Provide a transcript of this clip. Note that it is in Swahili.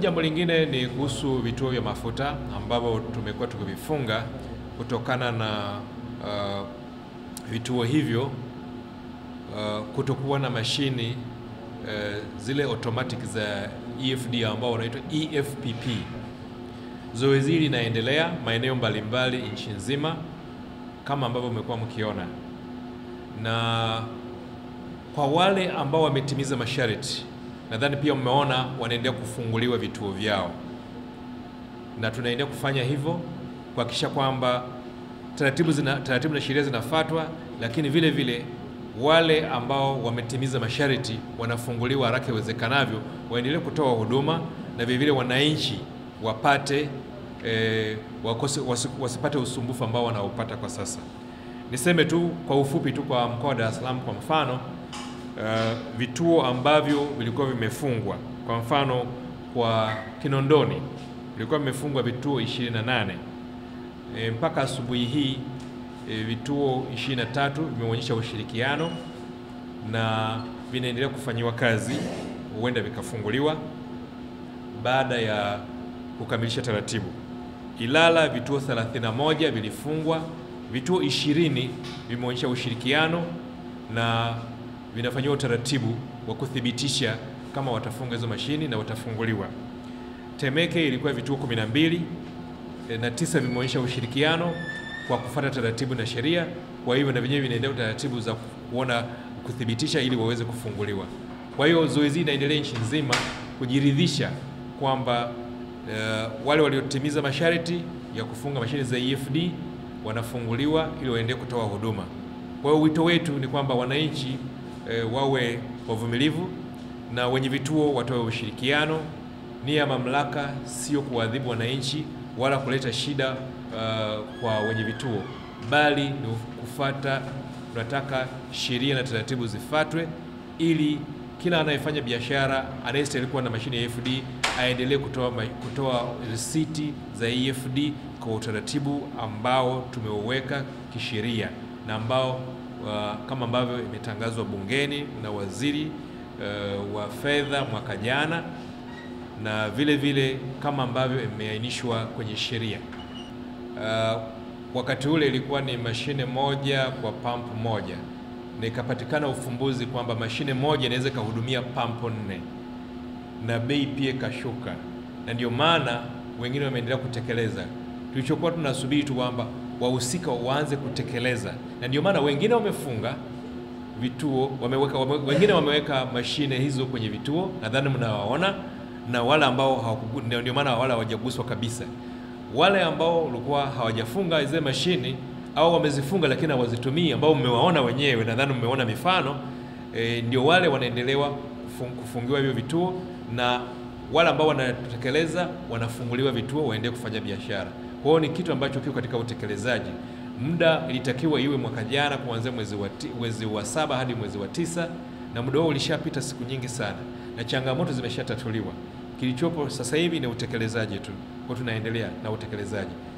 Jambo lingine ni kuhusu vituo vya mafuta ambavyo tumekuwa tukivifunga kutokana na uh, vituo hivyo uh, kutokuwa na mashini uh, zile automatic za EFD ambao wanaitwa EFPP. Zoezi hili linaendelea maeneo mbalimbali nchi nzima kama ambavyo mmekuwa mkiona, na kwa wale ambao wametimiza masharti nadhani pia mmeona wanaendelea kufunguliwa vituo vyao, na tunaendelea kufanya hivyo kuhakikisha kwamba taratibu zina, taratibu na sheria zinafuatwa, lakini vile vile wale ambao wametimiza masharti wanafunguliwa haraka iwezekanavyo, waendelee kutoa huduma na vile vile wananchi wapate e, wakose, wasipate usumbufu ambao wanaopata kwa sasa. Niseme tu kwa ufupi tu kwa mkoa wa Dar es Salaam kwa mfano uh, vituo ambavyo vilikuwa vimefungwa. Kwa mfano kwa Kinondoni vilikuwa vimefungwa vituo 28 e, eh, mpaka asubuhi hii e, vituo 23 vimeonyesha ushirikiano na vinaendelea kufanyiwa kazi, huenda vikafunguliwa baada ya kukamilisha taratibu. Ilala vituo 31 vilifungwa, vituo 20 vimeonyesha ushirikiano na vinafanyiwa utaratibu wa kuthibitisha kama watafunga hizo mashini na watafunguliwa. Temeke ilikuwa vituo 12 na eh, na tisa vimeonyesha ushirikiano kwa kufuata taratibu na sheria, kwa hivyo na vyenyewe vinaendelea taratibu za kuona kuthibitisha ili waweze kufunguliwa. Kwa hiyo zoezi inaendelea nchi nzima kujiridhisha kwamba uh, wale waliotimiza masharti ya kufunga mashine za EFD wanafunguliwa ili waendelee kutoa huduma. Kwa hiyo wito wetu ni kwamba wananchi e, wawe wavumilivu na wenye vituo watoe ushirikiano. ni ya mamlaka sio kuwaadhibu wananchi wala kuleta shida uh, kwa wenye vituo, bali ni kufata, tunataka sheria na taratibu zifatwe ili kila anayefanya biashara anayestahili kuwa na mashine ya EFD aendelee kutoa, kutoa risiti za EFD kwa utaratibu ambao tumeuweka kisheria na ambao wa, kama ambavyo imetangazwa bungeni na waziri uh, wa fedha mwaka jana na vile vile kama ambavyo imeainishwa kwenye sheria. Uh, wakati ule ilikuwa ni mashine moja kwa pampu moja, na ikapatikana ufumbuzi kwamba mashine moja inaweza ikahudumia pampu nne na bei pia ikashuka, na ndio maana wengine wameendelea kutekeleza. Tulichokuwa tunasubiri tu kwamba wahusika waanze kutekeleza, na ndio maana wengine wamefunga vituo wameweka, wame, wengine wameweka mashine hizo kwenye vituo, nadhani mnawaona, na wale ambao ndio maana wale hawajaguswa kabisa. Wale ambao walikuwa hawajafunga zile mashine au wamezifunga lakini hawazitumii, ambao mmewaona wenyewe, nadhani mmeona mifano e, ndio wale wanaendelewa kufungiwa hivyo vituo na wale ambao wanatekeleza wanafunguliwa vituo waendelee kufanya biashara. Kwa hiyo ni kitu ambacho kiko katika utekelezaji. Muda ilitakiwa iwe mwaka jana kuanzia mwezi wa, mwezi wa saba hadi mwezi wa tisa, na muda huo ulishapita siku nyingi sana na changamoto zimeshatatuliwa. Kilichopo sasa hivi ni utekelezaji tu, kwa tunaendelea na utekelezaji.